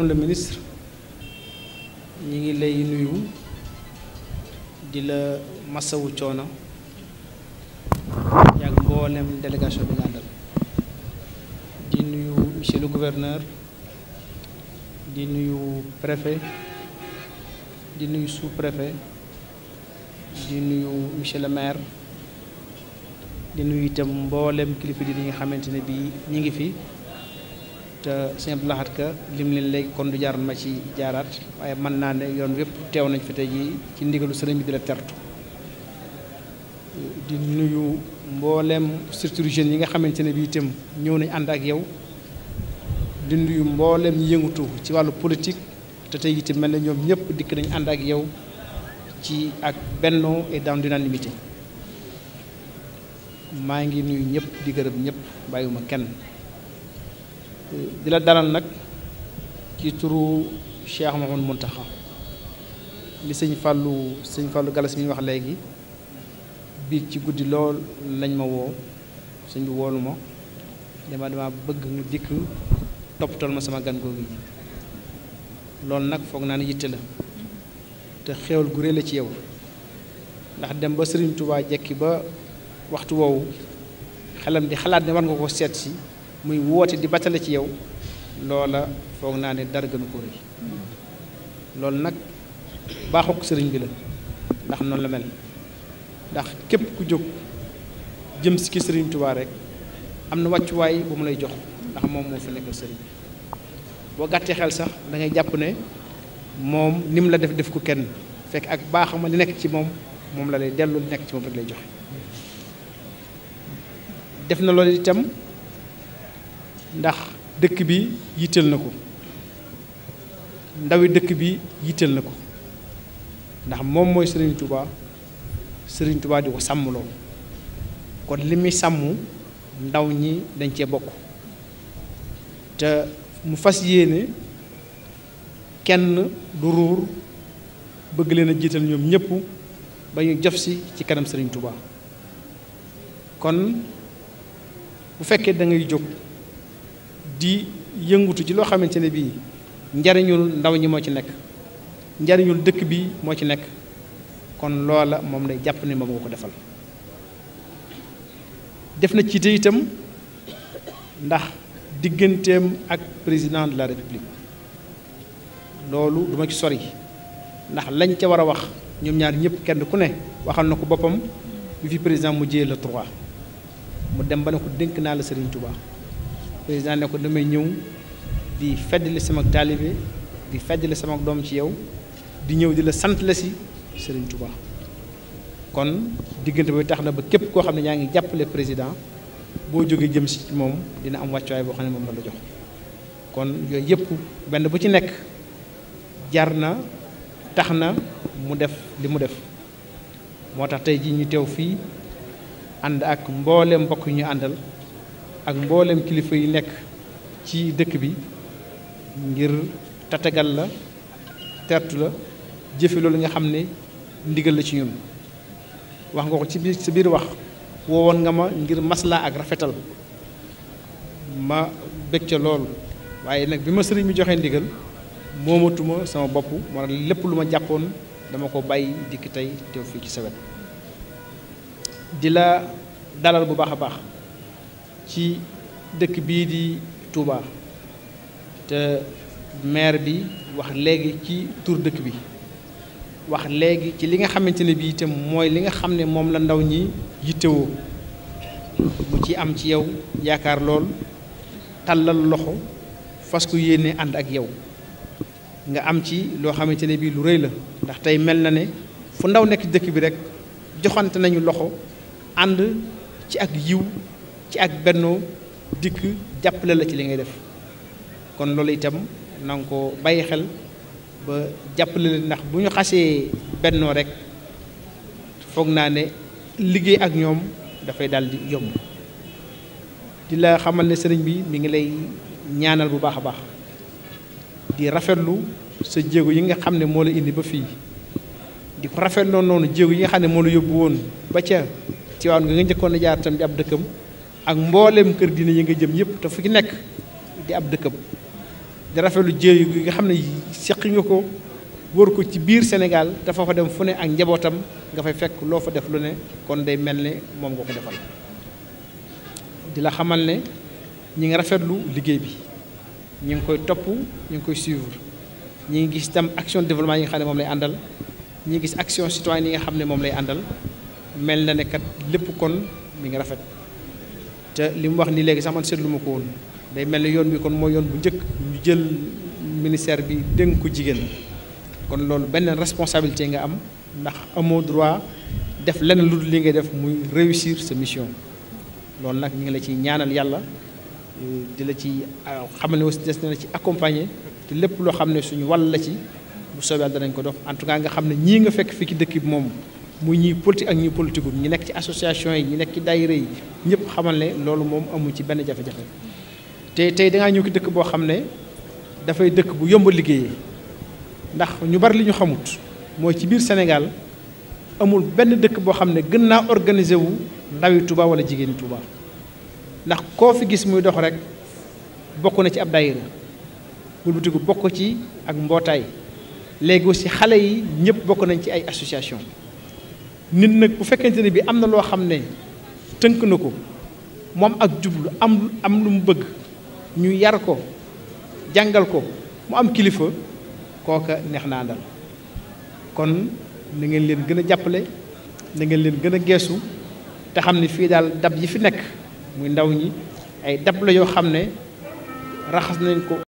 madame la ministre ñi ngi lay nuyu di la masawu coono yàgg mboolem délégation bi nga di nuyu monsieur le di nuyu préfet di nuyu sous-préfet di nuyu monsieur le maire di nuyu itam mboolem kilifa di nga xamante ne bii ñi ngi fi te sëñ Abdou Lahad Ka lim leen léegi kon du jaar ma ci jaaraat waaye mën naa ne yoon wépp teew nañ fi tey jii ci ndigalu sëriñ bi di la tertu di nuyu mboolem structure jeunes yi nga xamante ne bii itam ñëw nañ ànd ak yow di nuyu mboolem ñi yëngatu ci wàllu politik te tey itam mel na ñoom ñëpp dikk nañ ànd ak yow ci ak bennoo et dans l'unanimité maa ngi nuyu ñëpp di gërëm ñëpp bàyyiwuma kenn. di la dalal nag ci turu Cheikh Mouhamadou Mountakha li sëñ Fallou sëñ Fallou Galas mi wax léegi biir ci guddi lool lañ ma woo sëñ bi woolu ma dama dama bëgg ñu dikk toppatoo ma sama gan googu yi loolu nag foog naa ni yitte la te xéewal gu la ci yow ndax dem ba Serigne Touba jekki ba waxtu woowu xelam di xalaat ne war nga ko seet si muy woote di batale ci yow loola foog naa ne dara gënu ko rëy loolu nag baaxuk sëriñ bi la ndax noonu la mel ndax képp ku jóg jëm si ki sëriñ Tuubaa rek am na wàccuwaay bu mu lay jox ndax moom moo fi nekkal sëriñ bi boo gàttee xel sax da jàpp ne moom ni mu la def def ko kenn fekk ak ma li nekk ci moom moom la lay dellu li nekk ci moom rek lay joxe def na loolu itam ndax dëkk bi yitteel na ko ndawi dëkk bi yitteel na ko ndax moom mooy Serigne Touba Serigne Touba di ko sàmm loolu kon li muy sàmm ndaw ñi dañ cee bokk te mu fas yéene kenn du ruur bëgg leen a jiital ñoom ñëpp ba ñu jof si ci kanam Serigne Touba kon bu fekkee dangay jóg. di yëngutu ci loo xamante ne bii njariñul ndaw ñi moo ci nekk njariñul dëkk bi moo ci nekk kon loola moom lay jàpp ne moom nga ko defal def na ci te itam ndax digganteem ak président de la république loolu duma ci sori ndax lañ ca war a wax ñoom ñaar ñëpp kenn ku ne waxal na ko boppam bi fi président mu jiyee la troit mu dem ba ne ko dénk naa la Serigne Touba. président ne ko damay ñëw di feddali sama taalibe di feddali sama doom ci yow di ñëw di la sant la si Serigne Touba kon diggante bi tax na ba képp koo xam ne ñaa ngi jàppale président boo jógee jëm si moom dina am wàccuwaay boo xam ne moom la la kon yooyu yëpp benn bu ci nekk jar na tax na mu def li mu def moo tax tey ji ñu teew fii ànd ak mboole mbokk yu ñu àndal ak mboolem kilifa yi nekk ci dëkk bi ngir tatagal la tertu la jëfe loolu nga xam ne ndigal la ci ñun wax nga ko ci biir si biir wax wowoon nga ma ngir maslaa ak rafetal ma bëgg ca loolu waaye nag bi ma sëriñ bi joxee ndigal moomatuma sama bopp moo lépp lu ma jàppoon dama ko bàyyi dikk tey teew fii ci sawet di la dalal bu baax a baax ci dëkk bii di Touba te maire bi wax léegi ci tur dëkk bi wax léegi ci li nga xamante ni bii itam mooy li nga xam ne moom la ndaw ñi yittewoo mu ci am ci yow yaakaar lool tàllal loxo fasku ku yéene ànd ak yow nga am ci loo xamante ne bii lu rëy la ndax tey mel na ne fu ndaw nekk dëkk bi rek joxante nañu loxo ànd ci ak yiw ci ak bennoo dikk jàppale la ci li ngay def kon loolu itam na nga ko bàyyi xel ba jàppale la ndax bu ñu xasee bennoo rek foog naa ne liggéey ak ñoom dafay dal di yomb di la xamal ne sëriñ bi mu ngi lay ñaanal bu baax a baax di rafetlu sa jéego yi nga xam ne moo la indi ba fii di ko rafetloo noonu jéego yi nga xam ne moo la yóbbu woon ba ca ci waaw nga nga njëkkoon a jaar itam di ab dëkkam ak mbooleem kër diine yi nga jëm yëpp te fu ci nekk di ab dëkkam di rafetlu jéey yi nga xam ne seqi nga ko wër ko ci biir Sénégal dafa fa dem fu ne ak njabootam nga fay fekk loo fa def lu ne kon day mel ne moom nga ko defal di la xamal ne ñi ngi rafetlu liggéey bi ñi ngi koy topp ñi ngi koy suivre ñi ngi gis itam action développement yi nga xam ne moom lay àndal ñi ngi gis action citoyenne yi nga xam ne moom lay àndal mel na ne kat lépp kon mi ngi rafet te li mu wax nii léegi sax man seetlu ma ko woon day mel ni yoon bi kon moo yoon bu njëkk ñu jël ministère bi déng ko jigéen kon loolu benn responsabilité nga am ndax amoo droit def leneen lu dul li ngay def muy réussir sa mission loolu nag ñu ngi la ci ñaanal yàlla di la ci ah, xamal ni aussi des na la ci accompagner te lépp loo xam ne suñu wàll la ci bu soobee danañ ko dox en tout cas nga xam ne ñii nga fekk fii ci dëkk bi moom. muy ñi politique ak ñi politique ñi nekk ci association yi ñi nekk ci daayira yi ñëpp xamal ne loolu moom amul ci benn jafe-jafe te tey dangaa ñëw ki dëkk boo xam ne dafay dëkk bu yomb a liggéeyee ndax ñu bari li ñu xamut mooy ci biir Sénégal amul benn dëkk boo xam ne gën naa organiser wu ndawi Touba wala jigéeni Touba ndax koo fi gis muy dox rek bokk na ci ab daayira bulbutiku bokk ci ak mbootaay léegi aussi xale yi ñëpp bokk nañ ci ay association nit nag bu fekkente ne bi am na loo xam ne tënk na ko moom ak jublu am am lu mu bëgg ñu yar ko jàngal ko mu am kilifa kooka neex naa dal kon na ngeen leen gën a jàppale na ngeen leen gën a geesu te xam ne fii daal dab yi fi nekk muy ndaw ñi ay dab la yoo xam ne raxas nañ ko